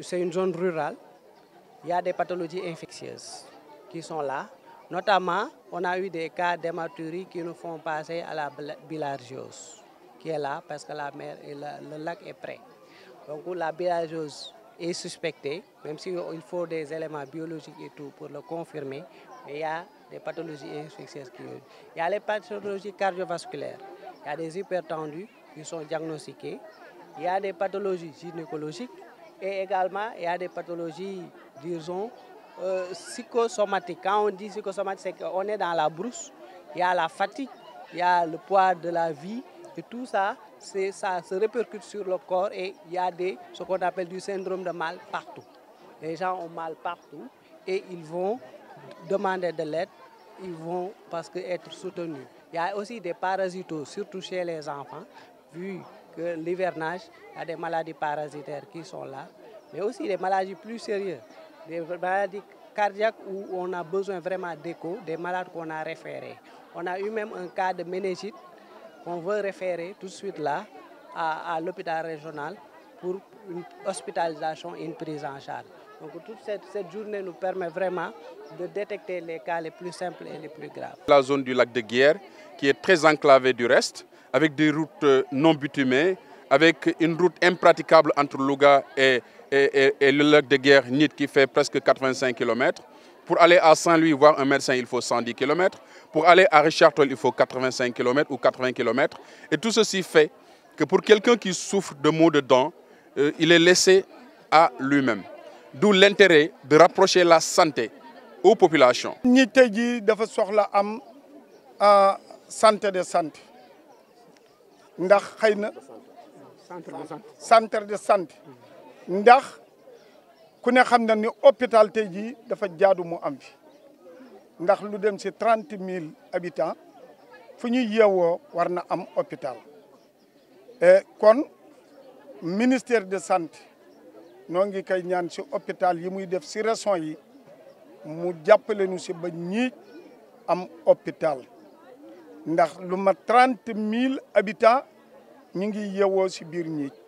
C'est une zone rurale. Il y a des pathologies infectieuses qui sont là. Notamment, on a eu des cas d'hématurie qui nous font passer à la bilharziose, qui est là parce que la mer et le lac est prêt. Donc la bilharziose est suspecté, même s'il il faut des éléments biologiques et tout pour le confirmer, il y a des pathologies infectieuses Il y a les pathologies cardiovasculaires, il y a des hypertendus qui sont diagnostiqués, il y a des pathologies gynécologiques et également il y a des pathologies, disons, euh, psychosomatiques. Quand on dit psychosomatique, c'est qu'on est dans la brousse, il y a la fatigue, il y a le poids de la vie et tout ça, ça se répercute sur le corps et il y a des, ce qu'on appelle du syndrome de mal partout. Les gens ont mal partout et ils vont demander de l'aide, ils vont parce que être soutenus. Il y a aussi des parasites, surtout chez les enfants, vu que l'hivernage, il y a des maladies parasitaires qui sont là, mais aussi des maladies plus sérieuses, des maladies cardiaques où on a besoin vraiment d'écho, des malades qu'on a référés. On a eu même un cas de méningite on veut référer tout de suite là à, l'hôpital régional pour une hospitalisation et une prise en charge. Donc toute cette, journée nous permet vraiment de détecter les cas les plus simples et les plus graves. La zone du lac de Guerre qui est très enclavée du reste, avec des routes euh, non bitumées, avec une route impraticable entre Louga et, le lac de Guerre Nid qui fait presque 85 km. Pour aller à Saint-Louis voir un médecin, il faut 110 km. Pour aller à Richard il faut 85 km ou 80 km. Et tout ceci fait que pour quelqu'un qui souffre de maux de dents, euh, il est laissé à lui-même. D'où l'intérêt de rapprocher la santé aux populations. Nous avons jii dafa soxla am euh, santé de santé ndax de santé. centre de santé ndax ku ne xam na ni hôpital dafa ndax lu dem si trente mille habitants fu ñuy yeewoo war na am hôpital e kon ministère de santé noo ngi koy ñaan si hôpital yi muy def si région yi mu jàppale nu si ba ñii am hôpital ndax lu ma trente mille habitants ñu ngi yeewoo si biir ñii